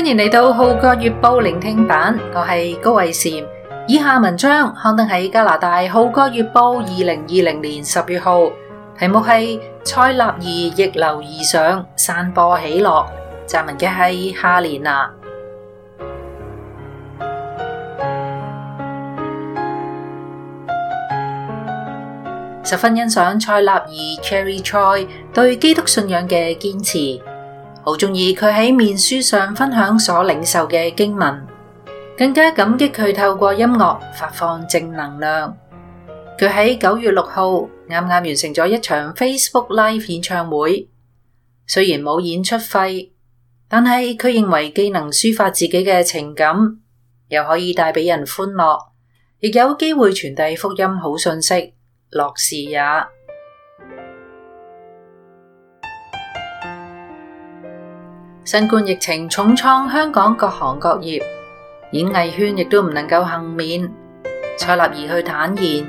歡迎嚟到《號角月報》聆聽版，我係高慧嬋。以下文章刊登喺加拿大《號角月報》二零二零年十月號，題目係《蔡立兒逆流而上，散播喜樂》。撰文嘅係夏蓮娜，十分欣賞蔡立兒 Cherrie Choi 對基督信仰嘅堅持。好中意佢喺面書上分享所領受嘅經文，更加感激佢透過音樂發放正能量。佢喺九月六號啱啱完成咗一場 Facebook Live 演唱會，雖然冇演出費，但係佢認為既能抒發自己嘅情感，又可以帶畀人歡樂，亦有機會傳遞福音好信息，樂事也。新冠疫情重創香港各行各業，演藝圈亦都唔能夠幸免。蔡立兒去坦言，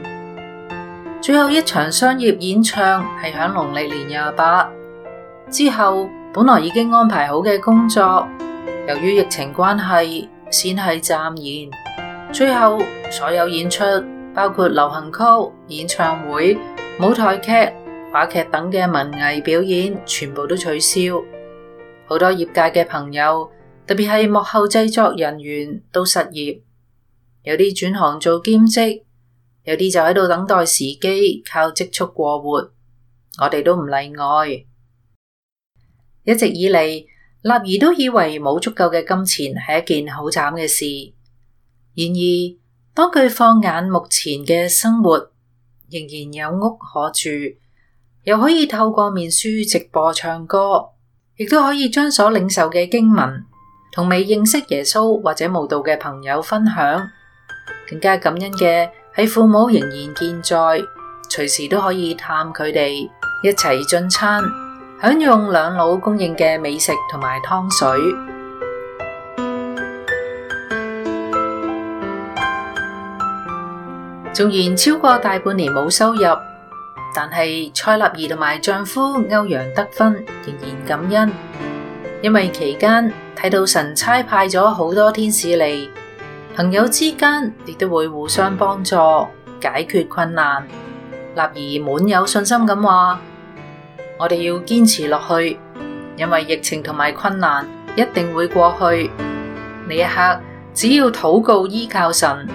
最後一場商業演唱係響農曆年廿八之後，本來已經安排好嘅工作，由於疫情關係，先係暫延。最後所有演出，包括流行曲演唱會、舞台劇、話劇等嘅文藝表演，全部都取消。好多業界嘅朋友，特別係幕後製作人員都失業，有啲轉行做兼職，有啲就喺度等待時機，靠積蓄過活。我哋都唔例外。一直以嚟，立兒都以為冇足夠嘅金錢係一件好慘嘅事。然而，當佢放眼目前嘅生活，仍然有屋可住，又可以透過面書直播唱歌。亦都可以將所領受嘅經文，同未認識耶穌或者無道嘅朋友分享，更加感恩嘅係父母仍然健在，隨時都可以探佢哋，一齊進餐，享用兩老供應嘅美食同埋湯水，縱然超過大半年冇收入。但係蔡立兒同埋丈夫歐陽德芬仍然感恩，因為期間睇到神差派咗好多天使嚟，朋友之間亦都會互相幫助解決困難。立兒滿有信心咁話：「我哋要堅持落去，因為疫情同埋困難一定會過去。呢一刻只要禱告依靠神，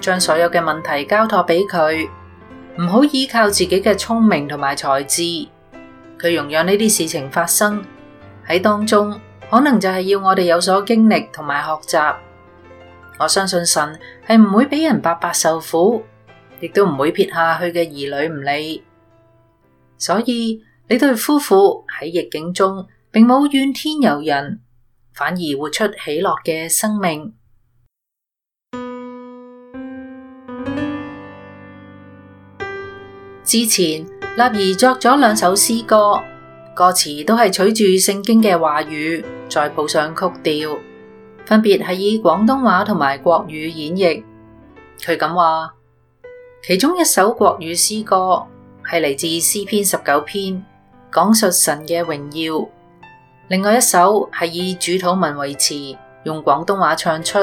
將所有嘅問題交託俾佢。唔好依靠自己嘅聰明同埋才智，佢容讓呢啲事情發生喺當中，可能就係要我哋有所經歷同埋學習。我相信神係唔會俾人白白受苦，亦都唔會撇下佢嘅兒女唔理。所以，你對夫婦喺逆境中並冇怨天尤人，反而活出喜樂嘅生命。之前立兒作咗兩首詩歌，歌詞都係取住聖經嘅話語，再譜上曲調，分別係以廣東話同埋國語演繹。佢咁話：其中一首國語詩歌係嚟自詩篇十九篇，講述神嘅榮耀；另外一首係以主禱文為詞，用廣東話唱出。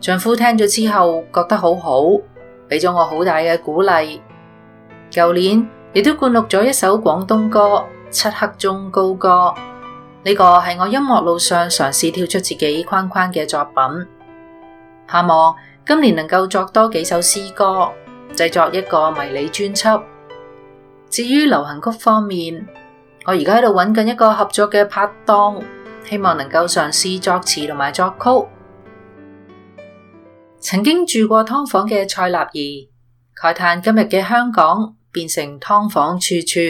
丈夫聽咗之後覺得好好，俾咗我好大嘅鼓勵。舊年亦都灌錄咗一首廣東歌《漆黑中高歌》，呢個係我音樂路上嘗試跳出自己框框嘅作品。盼望今年能夠作多幾首詩歌，製作一個迷你專輯。至於流行曲方面，我而家喺度揾緊一個合作嘅拍檔，希望能夠嘗試作詞同埋作曲。曾經住過劏房嘅蔡立兒，慨嘆今日嘅香港，變成劏房處處，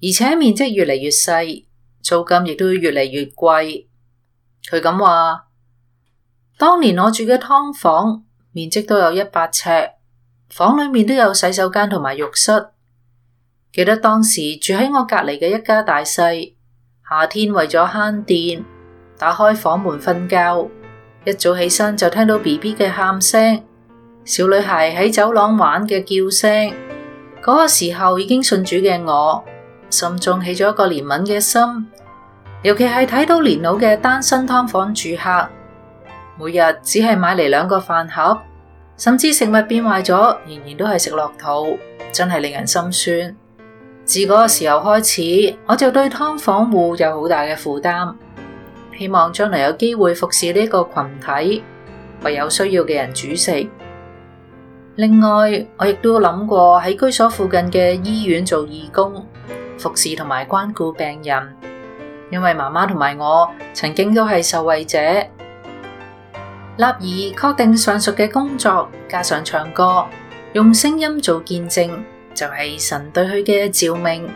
而且面積越嚟越細，租金亦都越嚟越貴。佢咁話：當年我住嘅劏房面積都有一百尺，房裏面都有洗手間同埋浴室。記得當時住喺我隔籬嘅一家大細，夏天為咗慳電，打開房門瞓覺，一早起身就聽到 BB 嘅喊聲，小女孩喺走廊玩嘅叫聲。嗰個時候已經信主嘅我，心中起咗一個憐憫嘅心，尤其係睇到年老嘅單身劏房住客，每日只係買嚟兩個飯盒，甚至食物變壞咗，仍然都係食落肚，真係令人心酸。自嗰個時候開始，我就對劏房戶有好大嘅負擔，希望將來有機會服侍呢個群體，為有需要嘅人煮食。另外，我亦都諗過喺居所附近嘅醫院做義工，服侍同埋關顧病人，因為媽媽同埋我曾經都係受惠者。立兒確定上述嘅工作，加上唱歌，用聲音做見證，就係神對佢嘅召命。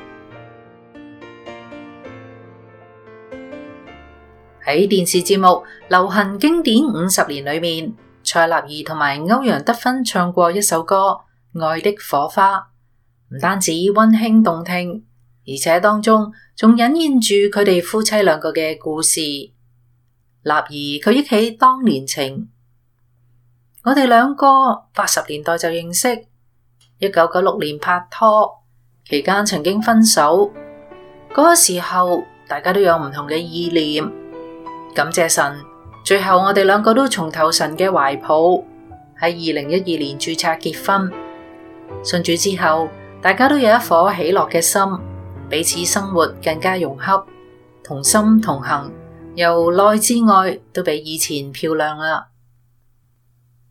喺電視節目《流行經典五十年》裏面，蔡立兒同埋歐陽德芬唱過一首歌《愛的火花》，唔單止溫馨動聽，而且當中仲隱現住佢哋夫妻兩個嘅故事。立兒佢憶起當年情，我哋兩個八十年代就認識，一九九六年拍拖，期間曾經分手，嗰個時候大家都有唔同嘅意念。感謝神。最後，我哋兩個都重投神嘅懷抱，喺二零一二年註冊結婚。信主之後，大家都有一顆喜樂嘅心，彼此生活更加融洽，同心同行，由內至外都比以前漂亮啦。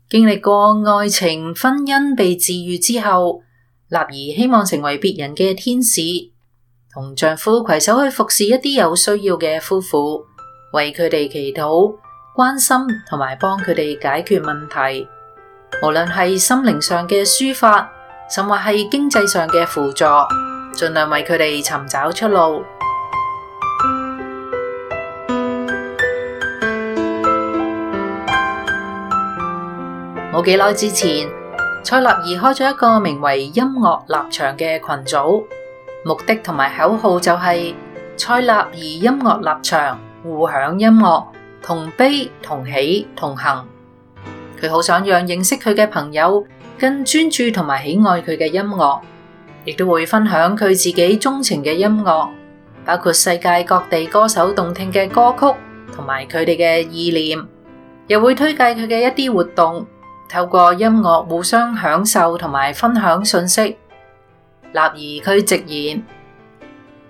經歷過愛情婚姻被治癒之後，立兒希望成為別人嘅天使，同丈夫攜手去服侍一啲有需要嘅夫婦，為佢哋祈禱。關心同埋幫佢哋解決問題，無論係心靈上嘅抒發，甚或係經濟上嘅輔助，盡量為佢哋尋找出路。冇幾耐之前，蔡立兒開咗一個名為《音樂立場》嘅群組，目的同埋口號就係《蔡立兒音樂立場互響音樂》，互享音樂。同悲同喜同行，佢好想讓認識佢嘅朋友更專注同埋喜愛佢嘅音樂，亦都會分享佢自己鐘情嘅音樂，包括世界各地歌手動聽嘅歌曲同埋佢哋嘅意念，又會推介佢嘅一啲活動，透過音樂互相享受同埋分享信息。立兒，佢直言：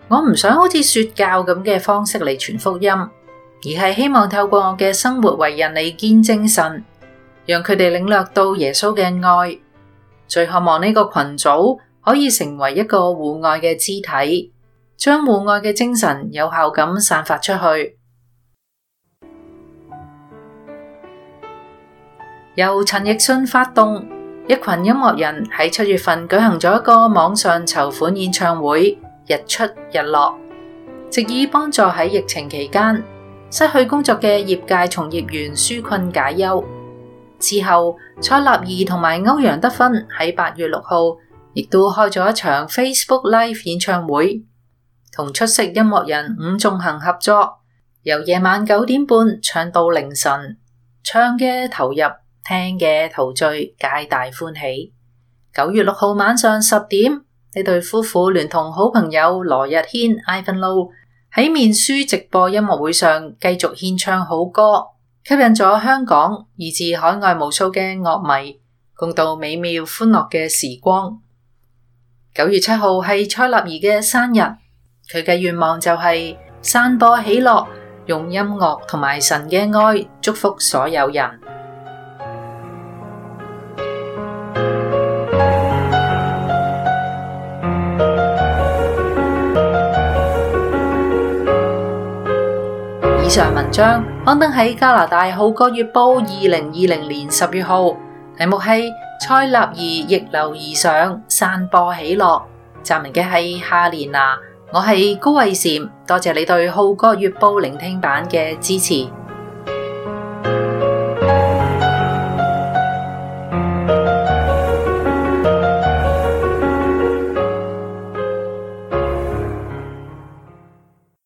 我唔想好似說教咁嘅方式嚟傳福音。而係希望透過我嘅生活為人理堅精神，讓佢哋領略到耶穌嘅愛，最渴望呢個群組可以成為一個互愛嘅肢體，將互愛嘅精神有效咁散發出去。由陳奕迅發動一群音樂人喺七月份舉行咗一個網上籌款演唱會《日出日落》，藉以幫助喺疫情期間失去工作嘅業界從業員紓困解憂。之後，蔡立兒同埋歐陽德芬喺八月六號亦都開咗一場 Facebook Live 演唱會，同出色音樂人伍仲衡合作，由夜晚九點半唱到凌晨，唱嘅投入，聽嘅陶醉，皆大歡喜。九月六號晚上十點，呢對夫婦聯同好朋友羅日軒、Ivan Lau。喺面書直播音樂會上，繼續獻唱好歌，吸引咗香港以至海外無數嘅樂迷，共度美妙歡樂嘅時光。九月七號係蔡立兒嘅生日，佢嘅願望就係散播喜樂，用音樂同埋神嘅愛祝福所有人。上文章刊登喺加拿大《號角月報》二零二零年十月號，題目係《蔡立兒逆流而上散播喜樂》。撰文嘅係夏連娜，我係高慧嬋。多謝你對《號角月報》聆聽版嘅支持。